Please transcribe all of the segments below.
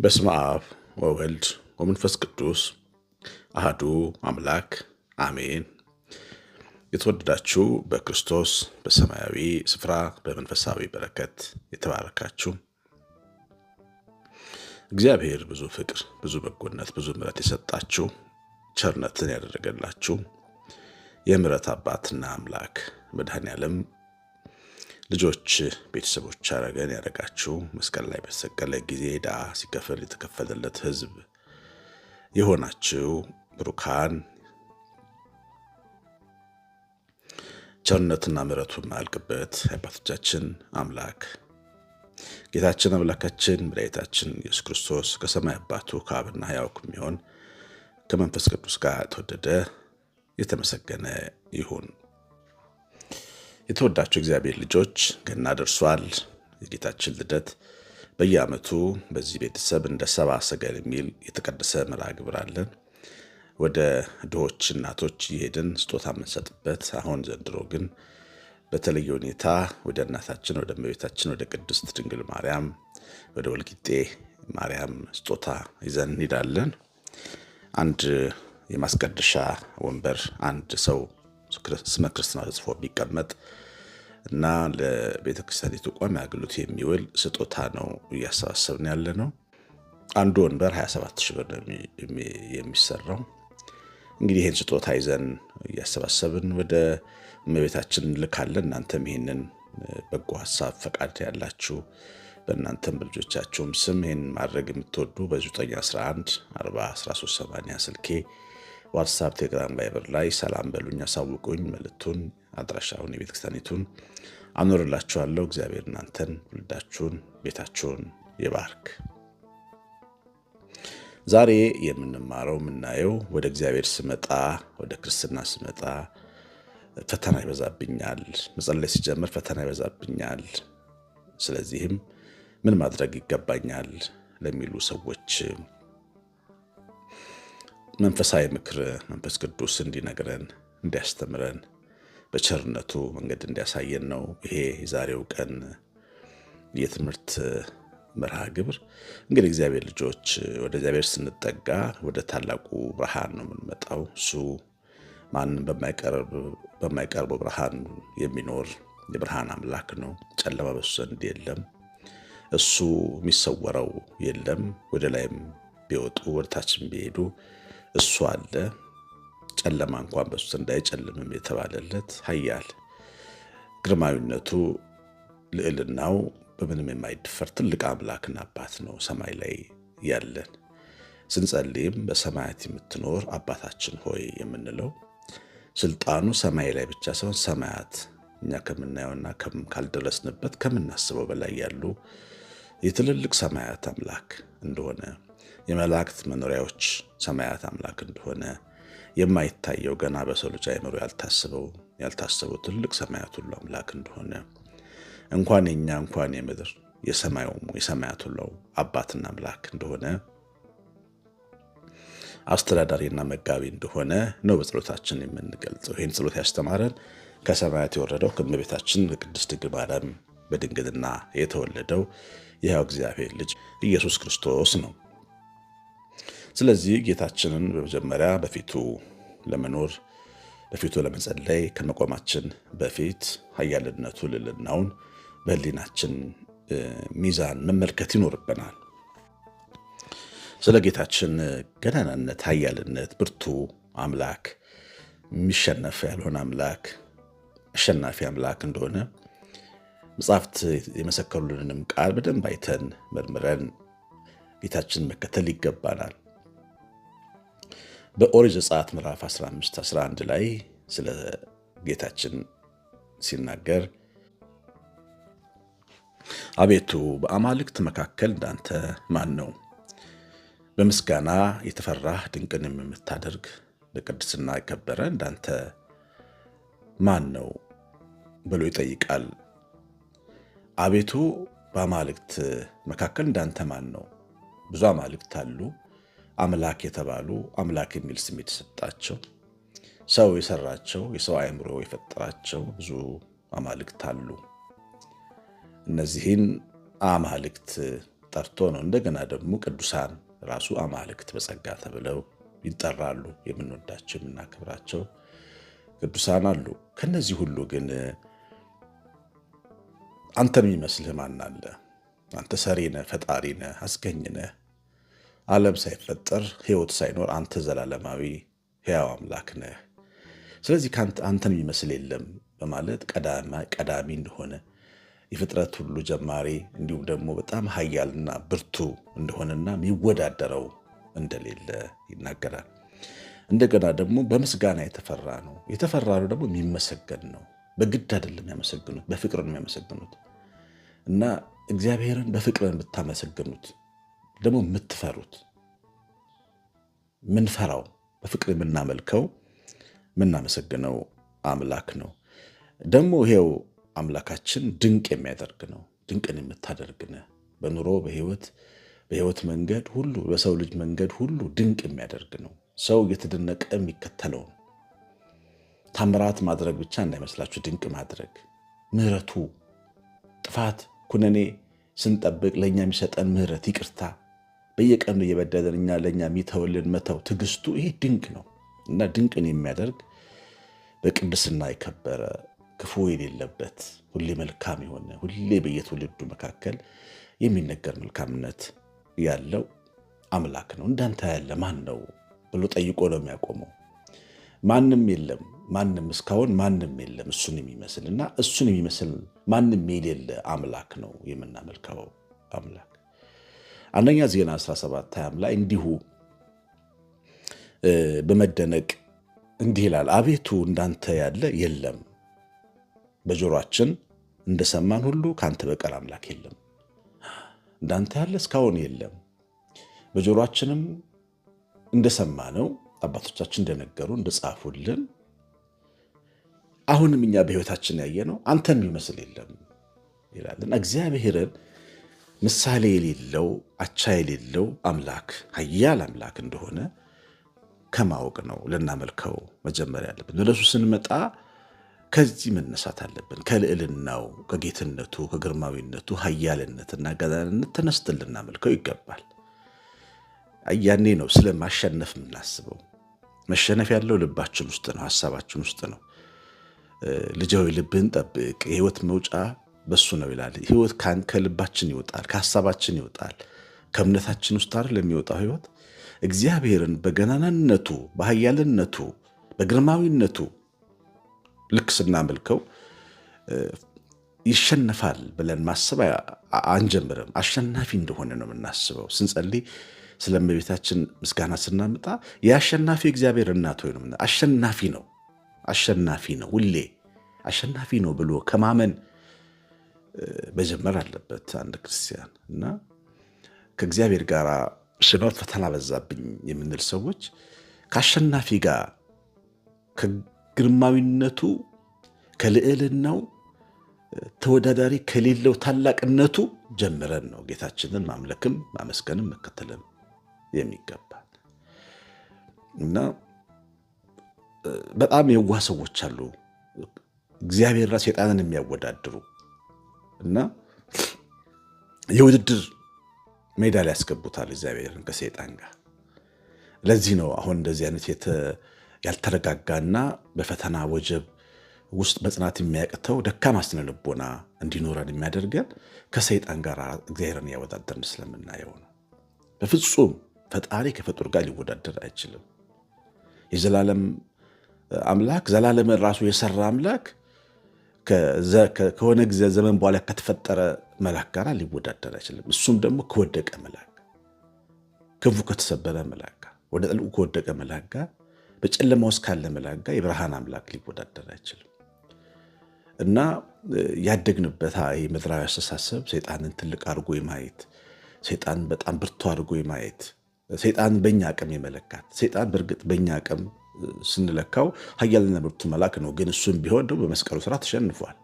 በስመ አብ ወወልድ ወመንፈስ ቅዱስ አህዱ አምላክ አሜን። የተወደዳችሁ በክርስቶስ በሰማያዊ ስፍራ በመንፈሳዊ በረከት የተባረካችሁ እግዚአብሔር ብዙ ፍቅር፣ ብዙ በጎነት፣ ብዙ ምሕረት የሰጣችሁ ቸርነትን ያደረገላችሁ የምሕረት አባትና አምላክ መድኃኔ ዓለም ልጆች፣ ቤተሰቦች አረገን ያደረጋችሁ መስቀል ላይ በተሰቀለ ጊዜ ዕዳ ሲከፈል የተከፈለለት ሕዝብ የሆናችሁ ብሩካን ቸርነትና ምሕረቱን ማልቅበት አባቶቻችን አምላክ ጌታችን አምላካችን መድኃኒታችን ኢየሱስ ክርስቶስ ከሰማይ አባቱ ከአብና ሕያው የሚሆን። ከመንፈስ ቅዱስ ጋር ተወደደ የተመሰገነ ይሁን። የተወዳቸው እግዚአብሔር ልጆች ገና ደርሷል። የጌታችን ልደት በየዓመቱ በዚህ ቤተሰብ እንደ ሰባ ሰገል የሚል የተቀደሰ መርሃ ግብር አለን። ወደ ድሆች እናቶች እየሄድን ስጦታ የምንሰጥበት። አሁን ዘንድሮ ግን በተለየ ሁኔታ ወደ እናታችን ወደ እመቤታችን ወደ ቅድስት ድንግል ማርያም ወደ ወልቂጤ ማርያም ስጦታ ይዘን እንሄዳለን። አንድ የማስቀደሻ ወንበር አንድ ሰው ስመ ክርስትና ተጽፎ ቢቀመጥ እና ለቤተክርስቲያን ቋሚ አገልግሎት የሚውል ስጦታ ነው እያሰባሰብን ያለ ነው። አንዱ ወንበር 27 ሺህ ብር የሚሰራው እንግዲህ ይህን ስጦታ ይዘን እያሰባሰብን ወደ እመቤታችን ልካለን። እናንተም ይህንን በጎ ሀሳብ ፈቃድ ያላችሁ በእናንተም በልጆቻችሁም ስም ይህን ማድረግ የምትወዱ በ911 41380 ስልኬ ዋትሳፕ፣ ቴሌግራም፣ ቫይበር ላይ ሰላም በሉኝ፣ አሳውቁኝ። መልእክቱን፣ አድራሻውን፣ የቤተክርስቲያኒቱን አኖርላችኋለሁ። እግዚአብሔር እናንተን ውልዳችሁን፣ ቤታችሁን ይባርክ። ዛሬ የምንማረው የምናየው ወደ እግዚአብሔር ስመጣ ወደ ክርስትና ስመጣ ፈተና ይበዛብኛል፣ መጸለይ ሲጀምር ፈተና ይበዛብኛል። ስለዚህም ምን ማድረግ ይገባኛል ለሚሉ ሰዎች መንፈሳዊ ምክር መንፈስ ቅዱስ እንዲነግረን እንዲያስተምረን በቸርነቱ መንገድ እንዲያሳየን ነው ይሄ የዛሬው ቀን የትምህርት መርሃ ግብር። እንግዲህ እግዚአብሔር ልጆች ወደ እግዚአብሔር ስንጠጋ ወደ ታላቁ ብርሃን ነው የምንመጣው። እሱ ማንም በማይቀርበው ብርሃን የሚኖር የብርሃን አምላክ ነው። ጨለማ በሱ ዘንድ የለም። እሱ የሚሰወረው የለም። ወደ ላይም ቢወጡ ወደ ታችም ቢሄዱ እሱ አለ። ጨለማ እንኳን በሱ እንዳይጨልምም የተባለለት ኃያል ግርማዊነቱ፣ ልዕልናው በምንም የማይደፈር ትልቅ አምላክና አባት ነው። ሰማይ ላይ ያለን ስንጸልይም በሰማያት የምትኖር አባታችን ሆይ የምንለው ስልጣኑ ሰማይ ላይ ብቻ ሳይሆን ሰማያት እኛ ከምናየውና ካልደረስንበት ከምናስበው በላይ ያሉ የትልልቅ ሰማያት አምላክ እንደሆነ፣ የመላእክት መኖሪያዎች ሰማያት አምላክ እንደሆነ፣ የማይታየው ገና በሰው ልጅ አይምሮ ያልታሰበው ያልታሰበው ትልቅ ሰማያት ሁሉ አምላክ እንደሆነ እንኳን የኛ እንኳን የምድር የሰማዩም የሰማያት ሁሉ አባትና አምላክ እንደሆነ አስተዳዳሪና መጋቢ እንደሆነ ነው በጸሎታችን የምንገልጸው። ይህን ጸሎት ያስተማረን ከሰማያት የወረደው ከእመቤታችን ከቅድስት ድንግል ማርያም በድንግልና የተወለደው ያው እግዚአብሔር ልጅ ኢየሱስ ክርስቶስ ነው። ስለዚህ ጌታችንን በመጀመሪያ በፊቱ ለመኖር በፊቱ ለመጸለይ ከመቆማችን በፊት ኃያልነቱ ልልናውን በህሊናችን ሚዛን መመልከት ይኖርብናል። ስለ ጌታችን ገናናነት፣ ኃያልነት፣ ብርቱ አምላክ፣ የሚሸነፍ ያልሆነ አምላክ፣ አሸናፊ አምላክ እንደሆነ መጽሐፍት የመሰከሉልንም ቃል በደንብ አይተን መርምረን ጌታችንን መከተል ይገባናል። በኦሪት ዘጸአት ምዕራፍ 15 11 ላይ ስለ ጌታችን ሲናገር አቤቱ በአማልክት መካከል እንዳንተ ማን ነው? በምስጋና የተፈራህ ድንቅንም የምታደርግ በቅድስና የከበረ እንዳንተ ማን ነው ብሎ ይጠይቃል። አቤቱ በአማልክት መካከል እንዳንተ ማን ነው? ብዙ አማልክት አሉ፣ አምላክ የተባሉ አምላክ የሚል ስም የተሰጣቸው ሰው የሰራቸው የሰው አእምሮ የፈጠራቸው ብዙ አማልክት አሉ። እነዚህን አማልክት ጠርቶ ነው እንደገና ደግሞ ቅዱሳን ራሱ አማልክት በጸጋ ተብለው ይጠራሉ። የምንወዳቸው የምናከብራቸው ቅዱሳን አሉ። ከነዚህ ሁሉ ግን አንተ የሚመስልህ ማን አለ? አንተ ሰሪ ነህ፣ ፈጣሪ ነህ፣ አስገኝ ዓለም ሳይፈጠር ህይወት ሳይኖር አንተ ዘላለማዊ ሕያው አምላክ ነህ። ስለዚህ አንተን የሚመስል የለም በማለት ቀዳሚ እንደሆነ የፍጥረት ሁሉ ጀማሪ እንዲሁም ደግሞ በጣም ሀያልና ብርቱ እንደሆነና የሚወዳደረው እንደሌለ ይናገራል። እንደገና ደግሞ በምስጋና የተፈራ ነው። የተፈራ ነው ደግሞ የሚመሰገን ነው። በግድ አይደለም የሚያመሰግኑት በፍቅር ነው የሚያመሰግኑት። እና እግዚአብሔርን በፍቅር የምታመሰግኑት ደግሞ የምትፈሩት ምንፈራው በፍቅር የምናመልከው የምናመሰግነው አምላክ ነው። ደግሞ ይሄው አምላካችን ድንቅ የሚያደርግ ነው። ድንቅን የምታደርግነ በኑሮ በህይወት በህይወት መንገድ ሁሉ በሰው ልጅ መንገድ ሁሉ ድንቅ የሚያደርግ ነው። ሰው እየተደነቀ የሚከተለው ነው። ታምራት ማድረግ ብቻ እንዳይመስላችሁ፣ ድንቅ ማድረግ ምህረቱ ጥፋት ኩነኔ ስንጠብቅ ለእኛ የሚሰጠን ምህረት ይቅርታ፣ በየቀኑ እየበደለን እኛ ለእኛ የሚተውልን መተው ትግስቱ ይሄ ድንቅ ነው እና ድንቅን የሚያደርግ በቅድስና የከበረ ክፉ የሌለበት ሁሌ መልካም የሆነ ሁሌ በየትውልዱ መካከል የሚነገር መልካምነት ያለው አምላክ ነው። እንዳንተ ያለ ማን ነው ብሎ ጠይቆ ነው የሚያቆመው። ማንም የለም ማንም እስካሁን ማንም የለም እሱን የሚመስል እና እሱን የሚመስል ማንም የሌለ አምላክ ነው የምናመልከው አምላክ። አንደኛ ዜና 17 20 ላይ እንዲሁ በመደነቅ እንዲህ ይላል፣ አቤቱ እንዳንተ ያለ የለም፣ በጆሯችን እንደሰማን ሁሉ ከአንተ በቀር አምላክ የለም። እንዳንተ ያለ እስካሁን የለም። በጆሯችንም እንደሰማነው አባቶቻችን እንደነገሩ እንደጻፉልን አሁንም እኛ በህይወታችን ያየ ነው አንተን የሚመስል የለም ይላል እና እግዚአብሔርን ምሳሌ የሌለው አቻ የሌለው አምላክ ኃያል አምላክ እንደሆነ ከማወቅ ነው ልናመልከው መጀመሪያ ያለብን። ወደሱ ስንመጣ ከዚህ መነሳት አለብን። ከልዕልናው፣ ከጌትነቱ፣ ከግርማዊነቱ ኃያልነትና ገናንነት ተነስተን ልናመልከው ይገባል። ያኔ ነው ስለማሸነፍ የምናስበው። መሸነፍ ያለው ልባችን ውስጥ ነው፣ ሀሳባችን ውስጥ ነው። ልጃዊ ልብህን ጠብቅ፣ የህይወት መውጫ በሱ ነው ይላል። ህይወት ከልባችን ይወጣል፣ ከሀሳባችን ይወጣል፣ ከእምነታችን ውስጥ አይደል የሚወጣው ህይወት። እግዚአብሔርን በገናናነቱ በኃያልነቱ በግርማዊነቱ ልክ ስናመልከው ይሸነፋል ብለን ማሰብ አንጀምርም። አሸናፊ እንደሆነ ነው የምናስበው። ስንጸልይ ስለ እመቤታችን ምስጋና ስናመጣ የአሸናፊ እግዚአብሔር እናት ሆይ ነው። አሸናፊ ነው፣ አሸናፊ ነው ሁሌ አሸናፊ ነው ብሎ ከማመን መጀመር አለበት አንድ ክርስቲያን። እና ከእግዚአብሔር ጋር ስኖር ፈተና በዛብኝ የምንል ሰዎች ከአሸናፊ ጋር ከግርማዊነቱ ከልዕልናው ተወዳዳሪ ከሌለው ታላቅነቱ ጀምረን ነው ጌታችንን ማምለክም ማመስገንም መከተልም የሚገባል እና በጣም የዋህ ሰዎች አሉ። እግዚአብሔርና ሴጣንን የሚያወዳድሩ እና የውድድር ሜዳ ላይ ያስገቡታል እግዚአብሔርን ከሴጣን ጋር። ለዚህ ነው አሁን እንደዚህ አይነት ያልተረጋጋና በፈተና ወጀብ ውስጥ መጽናት የሚያቅተው ደካማ ስነ ልቦና እንዲኖረን የሚያደርገን ከሰይጣን ጋር እግዚአብሔርን ያወዳደርን ስለምናየው ነው። በፍጹም ፈጣሪ ከፍጡር ጋር ሊወዳደር አይችልም። የዘላለም አምላክ ዘላለም ራሱ የሰራ አምላክ ከሆነ ጊዜ ዘመን በኋላ ከተፈጠረ መልአክ ጋር ሊወዳደር አይችልም። እሱም ደግሞ ከወደቀ መልአክ ክፉ ከተሰበረ መልአክ ጋር ወደ ጥልቁ ከወደቀ መልአክ ጋር በጨለማ ውስጥ ካለ መልአክ ጋር የብርሃን አምላክ ሊወዳደር አይችልም እና ያደግንበት ምድራዊ አስተሳሰብ ሰይጣንን ትልቅ አድርጎ የማየት ሰይጣንን በጣም ብርቱ አድርጎ የማየት ሰይጣንን በእኛ አቅም የመለካት ሰይጣን በእርግጥ በእኛ አቅም ስንለካው ኃያልና ብርቱ መልአክ ነው። ግን እሱም ቢሆን ደግሞ በመስቀሉ ስራ ተሸንፏል።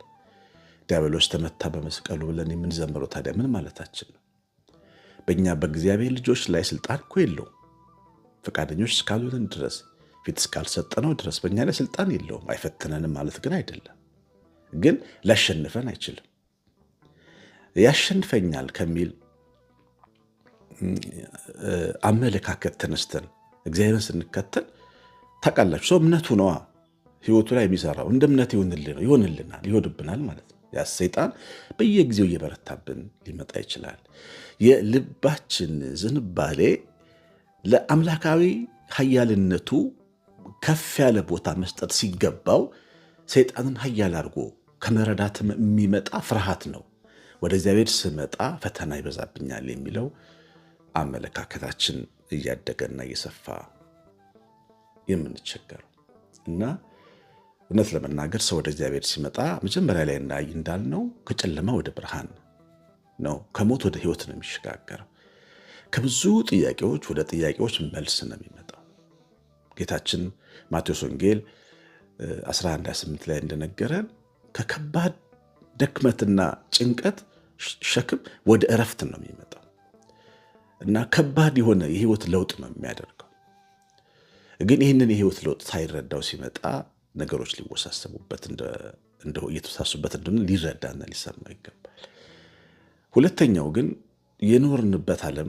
ዲያብሎስ ተመታ በመስቀሉ ብለን የምንዘምረው ታዲያ ምን ማለታችን ነው? በእኛ በእግዚአብሔር ልጆች ላይ ስልጣን እኮ የለውም። ፈቃደኞች እስካልሆንን ድረስ ፊት እስካልሰጠነው ድረስ በእኛ ላይ ስልጣን የለውም። አይፈትነንም ማለት ግን አይደለም። ግን ሊያሸንፈን አይችልም። ያሸንፈኛል ከሚል አመለካከት ተነስተን እግዚአብሔርን ስንከተል ታውቃላችሁ፣ ሰው እምነቱ ነዋ ህይወቱ ላይ የሚሰራው እንደ እምነት ይሆንልናል ይሆንብናል ማለት ነው። ያ ሰይጣን በየጊዜው እየበረታብን ሊመጣ ይችላል። የልባችን ዝንባሌ ለአምላካዊ ሀያልነቱ ከፍ ያለ ቦታ መስጠት ሲገባው ሰይጣንን ሀያል አድርጎ ከመረዳትም የሚመጣ ፍርሃት ነው። ወደ እግዚአብሔር ስመጣ ፈተና ይበዛብኛል የሚለው አመለካከታችን እያደገና እየሰፋ የምንቸገረው እና እውነት ለመናገር ሰው ወደ እግዚአብሔር ሲመጣ መጀመሪያ ላይ እናይ እንዳልነው ከጨለማ ወደ ብርሃን ነው፣ ከሞት ወደ ህይወት ነው የሚሸጋገረው። ከብዙ ጥያቄዎች ወደ ጥያቄዎች መልስ ነው የሚመጣው። ጌታችን ማቴዎስ ወንጌል 11፥28 ላይ እንደነገረን ከከባድ ደክመትና ጭንቀት ሸክም ወደ እረፍት ነው የሚመጣው እና ከባድ የሆነ የህይወት ለውጥ ነው የሚያደርገው። ግን ይህንን የህይወት ለውጥ ሳይረዳው ሲመጣ ነገሮች ሊወሳሰቡበት እየተወሳሱበት እንደሆነ ሊረዳና ሊሰማው ይገባል። ሁለተኛው ግን የኖርንበት ዓለም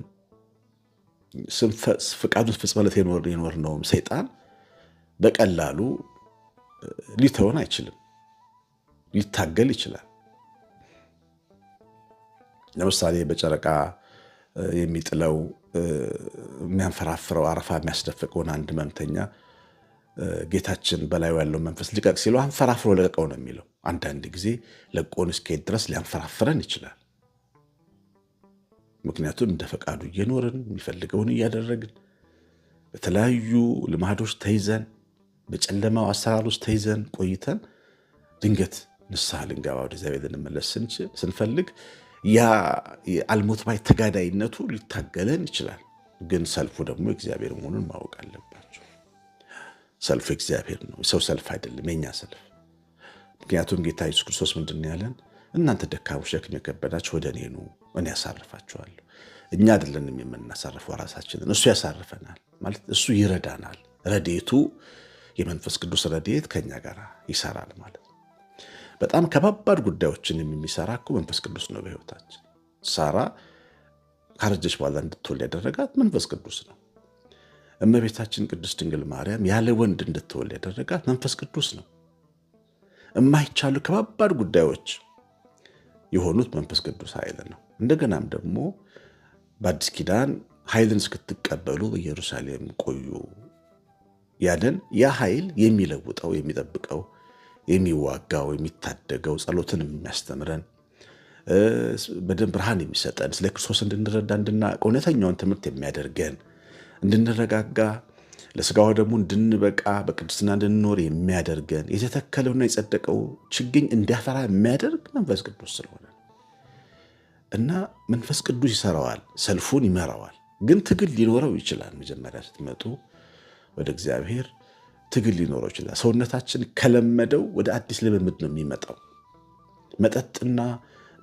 ፍቃዱን ፍጽመለት የኖርነውም ሰይጣን በቀላሉ ሊተወን አይችልም። ሊታገል ይችላል። ለምሳሌ በጨረቃ የሚጥለው የሚያንፈራፍረው አረፋ የሚያስደፍቀውን አንድ ህመምተኛ ጌታችን በላዩ ያለው መንፈስ ልቀቅ ሲለው አንፈራፍሮ ልቀቀው ነው የሚለው። አንዳንድ ጊዜ ለቆን እስከሄድ ድረስ ሊያንፈራፍረን ይችላል። ምክንያቱም እንደ ፈቃዱ እየኖርን የሚፈልገውን እያደረግን በተለያዩ ልማዶች ተይዘን በጨለማው አሰራር ውስጥ ተይዘን ቆይተን ድንገት ንስሐ ልንገባ ወደ እግዚአብሔር ልንመለስ ስንፈልግ ያ አልሞት ባይ ተጋዳይነቱ ሊታገለን ይችላል። ግን ሰልፉ ደግሞ እግዚአብሔር መሆኑን ማወቅ አለባቸው። ሰልፉ እግዚአብሔር ነው፣ ሰው ሰልፍ አይደለም የኛ ሰልፍ። ምክንያቱም ጌታ ኢየሱስ ክርስቶስ ምንድን ያለን? እናንተ ደካሞች፣ ሸክም የከበዳችሁ ወደ እኔ ኑ፣ እኔ ያሳርፋችኋለሁ። እኛ አይደለንም የምናሳርፈው ራሳችንን፣ እሱ ያሳርፈናል ማለት እሱ ይረዳናል። ረዴቱ የመንፈስ ቅዱስ ረዴት ከኛ ጋር ይሰራል ማለት በጣም ከባባድ ጉዳዮችን የሚሰራ እኮ መንፈስ ቅዱስ ነው በህይወታችን። ሳራ ካረጀች በኋላ እንድትወልድ ያደረጋት መንፈስ ቅዱስ ነው። እመቤታችን ቅድስት ድንግል ማርያም ያለ ወንድ እንድትወልድ ያደረጋት መንፈስ ቅዱስ ነው። የማይቻሉ ከባባድ ጉዳዮች የሆኑት መንፈስ ቅዱስ ኃይል ነው። እንደገናም ደግሞ በአዲስ ኪዳን ኃይልን እስክትቀበሉ በኢየሩሳሌም ቆዩ ያለን ያ ኃይል የሚለውጠው የሚጠብቀው የሚዋጋው የሚታደገው፣ ጸሎትን የሚያስተምረን በደንብ ብርሃን የሚሰጠን ስለ ክርስቶስ እንድንረዳ እንድናውቅ እውነተኛውን ትምህርት የሚያደርገን እንድንረጋጋ ለስጋዋ ደግሞ እንድንበቃ በቅድስና እንድንኖር የሚያደርገን የተተከለውና የጸደቀው ችግኝ እንዲያፈራ የሚያደርግ መንፈስ ቅዱስ ስለሆነ እና መንፈስ ቅዱስ ይሰራዋል፣ ሰልፉን ይመራዋል። ግን ትግል ሊኖረው ይችላል። መጀመሪያ ስትመጡ ወደ እግዚአብሔር ትግል ሊኖረው ይችላል። ሰውነታችን ከለመደው ወደ አዲስ ልምምድ ነው የሚመጣው። መጠጥና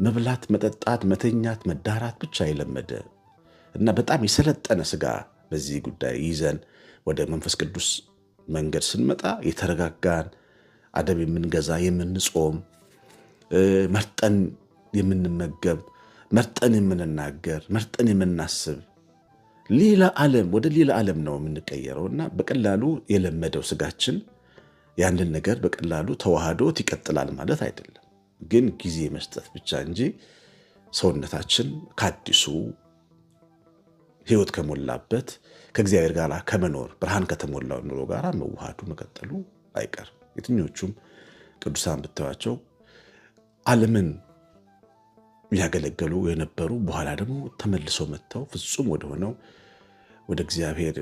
መብላት፣ መጠጣት፣ መተኛት፣ መዳራት ብቻ የለመደ እና በጣም የሰለጠነ ስጋ በዚህ ጉዳይ ይዘን ወደ መንፈስ ቅዱስ መንገድ ስንመጣ የተረጋጋን አደብ የምንገዛ የምንጾም መርጠን የምንመገብ መርጠን የምንናገር መርጠን የምናስብ ሌላ ዓለም ወደ ሌላ ዓለም ነው የምንቀየረው እና በቀላሉ የለመደው ስጋችን ያንን ነገር በቀላሉ ተዋህዶት ይቀጥላል ማለት አይደለም። ግን ጊዜ መስጠት ብቻ እንጂ ሰውነታችን ከአዲሱ ህይወት ከሞላበት ከእግዚአብሔር ጋር ከመኖር ብርሃን ከተሞላው ኑሮ ጋር መዋሃዱ መቀጠሉ አይቀርም። የትኞቹም ቅዱሳን ብታዩዋቸው ዓለምን ያገለገሉ የነበሩ በኋላ ደግሞ ተመልሰው መጥተው ፍጹም ወደሆነው ወደ እግዚአብሔር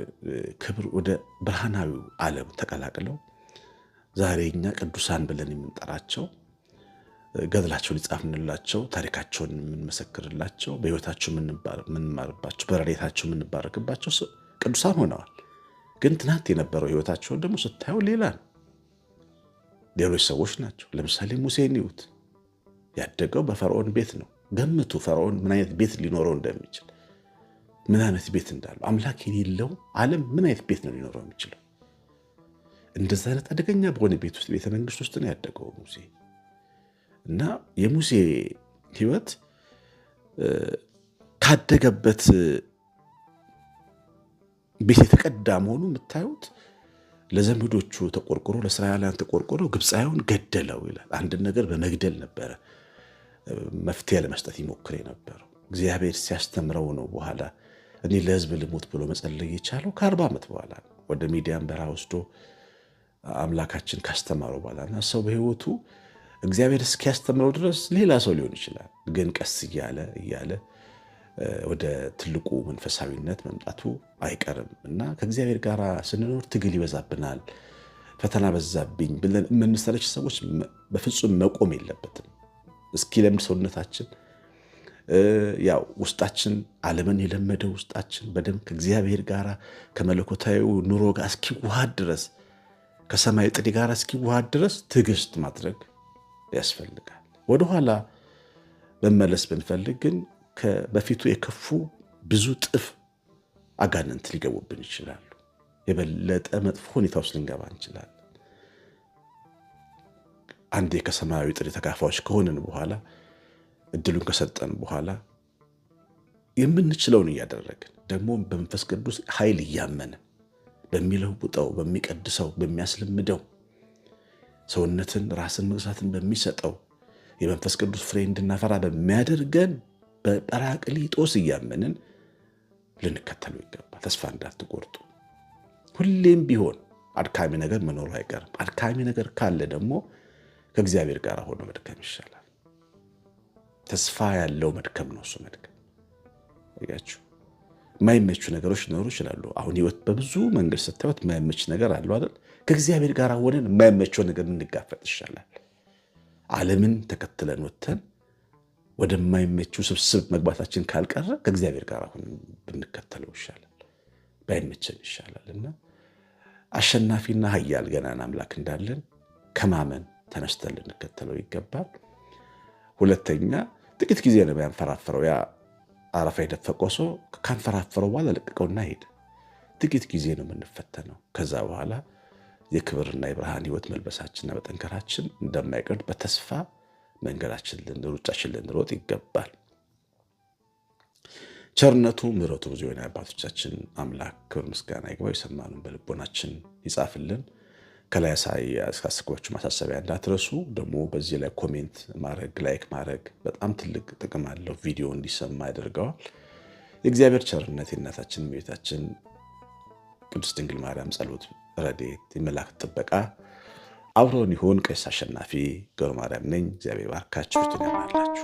ክብር ወደ ብርሃናዊ ዓለም ተቀላቅለው ዛሬ እኛ ቅዱሳን ብለን የምንጠራቸው ገድላቸው ሊጻፍንላቸው፣ ታሪካቸውን የምንመሰክርላቸው፣ በሕይወታቸው የምንማርባቸው፣ በረዴታቸው የምንባረክባቸው ቅዱሳን ሆነዋል። ግን ትናንት የነበረው ሕይወታቸውን ደግሞ ስታየው ሌላ ነው። ሌሎች ሰዎች ናቸው። ለምሳሌ ሙሴን ይዩት። ያደገው በፈርዖን ቤት ነው። ገምቱ ፈርዖን ምን አይነት ቤት ሊኖረው እንደሚችል ምን አይነት ቤት እንዳለው አምላክ የሌለው ዓለም ምን አይነት ቤት ነው ሊኖረው የሚችለው? እንደዛ አይነት አደገኛ በሆነ ቤት ውስጥ ቤተ መንግስት ውስጥ ነው ያደገው ሙሴ እና የሙሴ ህይወት ካደገበት ቤት የተቀዳ መሆኑ የምታዩት። ለዘመዶቹ ተቆርቆሮ፣ ለእስራኤላውያን ተቆርቆሮ ግብፃዊውን ገደለው ይላል። አንድን ነገር በመግደል ነበረ መፍትሄ ለመስጠት ይሞክር የነበረው። እግዚአብሔር ሲያስተምረው ነው በኋላ እኔ ለህዝብ ልሙት ብሎ መጸለይ የቻለው ከአርባ ዓመት በኋላ ነው። ወደ ሚዲያን በረሃ ወስዶ አምላካችን ካስተማረው በኋላ እና ሰው በህይወቱ እግዚአብሔር እስኪያስተምረው ድረስ ሌላ ሰው ሊሆን ይችላል። ግን ቀስ እያለ እያለ ወደ ትልቁ መንፈሳዊነት መምጣቱ አይቀርም እና ከእግዚአብሔር ጋር ስንኖር ትግል ይበዛብናል። ፈተና በዛብኝ ብለን የምንሰለች ሰዎች በፍጹም መቆም የለበትም። እስኪለምድ ሰውነታችን ያው ውስጣችን ዓለምን የለመደ ውስጣችን በደም ከእግዚአብሔር ጋር ከመለኮታዊ ኑሮ ጋር እስኪዋሃድ ድረስ ከሰማይ ጥሪ ጋር እስኪዋሃድ ድረስ ትዕግስት ማድረግ ያስፈልጋል። ወደኋላ መመለስ ብንፈልግ ግን በፊቱ የከፉ ብዙ ጥፍ አጋንንት ሊገቡብን ይችላሉ። የበለጠ መጥፎ ሁኔታ ውስጥ ልንገባ እንችላለን። አንዴ ከሰማያዊ ጥሪ ተካፋዮች ከሆንን በኋላ እድሉን ከሰጠን በኋላ የምንችለውን እያደረግን ደግሞ በመንፈስ ቅዱስ ኃይል እያመንን በሚለውጠው በሚቀድሰው በሚያስለምደው ሰውነትን ራስን መግዛትን በሚሰጠው የመንፈስ ቅዱስ ፍሬ እንድናፈራ በሚያደርገን በጰራቅሊጦስ እያመንን ልንከተሉ ይገባል። ተስፋ እንዳትቆርጡ። ሁሌም ቢሆን አድካሚ ነገር መኖሩ አይቀርም። አድካሚ ነገር ካለ ደግሞ ከእግዚአብሔር ጋር ሆኖ መድከም ይሻላል። ተስፋ ያለው መድከም ነው እሱ መድከም። አያችሁ፣ የማይመቹ ነገሮች ሊኖሩ ይችላሉ። አሁን ህይወት በብዙ መንገድ ስታዩት የማይመች ነገር አለ አይደል? ከእግዚአብሔር ጋር ሆነን የማይመቸው ነገር እንጋፈጥ ይሻላል። ዓለምን ተከትለን ወደ ወደማይመችው ስብስብ መግባታችን ካልቀረ ከእግዚአብሔር ጋር አሁን ብንከተለው ይሻላል፣ ባይመቸን ይሻላል እና አሸናፊና ኃያል ገናን አምላክ እንዳለን ከማመን ተነስተን ልንከተለው ይገባል። ሁለተኛ ጥቂት ጊዜ ነው ያንፈራፈረው። ያ አረፋ የደፈቀው ሰው ካንፈራፈረው በኋላ ለቅቀውና ሄደ። ጥቂት ጊዜ ነው የምንፈተነው። ከዛ በኋላ የክብርና የብርሃን ህይወት መልበሳችንና መጠንከራችን እንደማይቀር በተስፋ መንገዳችን ልንሩጫችን ልንሮጥ ይገባል። ቸርነቱ ምሕረቱ ብዙ የሆነ አባቶቻችን አምላክ ክብር ምስጋና ይግባው። የሰማኑን በልቦናችን ይጻፍልን። ከላይ ያሳስኳችሁ ማሳሰቢያ እንዳትረሱ። ደግሞ በዚህ ላይ ኮሜንት ማድረግ ላይክ ማድረግ በጣም ትልቅ ጥቅም አለው፣ ቪዲዮ እንዲሰማ ያደርገዋል። የእግዚአብሔር ቸርነት የእናታችን ቤታችን ቅድስት ድንግል ማርያም ጸሎት፣ ረዴት የመላእክት ጥበቃ አብሮን ይሁን። ቄስ አሸናፊ ገብረ ማርያም ነኝ። እግዚአብሔር ባርካችሁ ትገናላችሁ።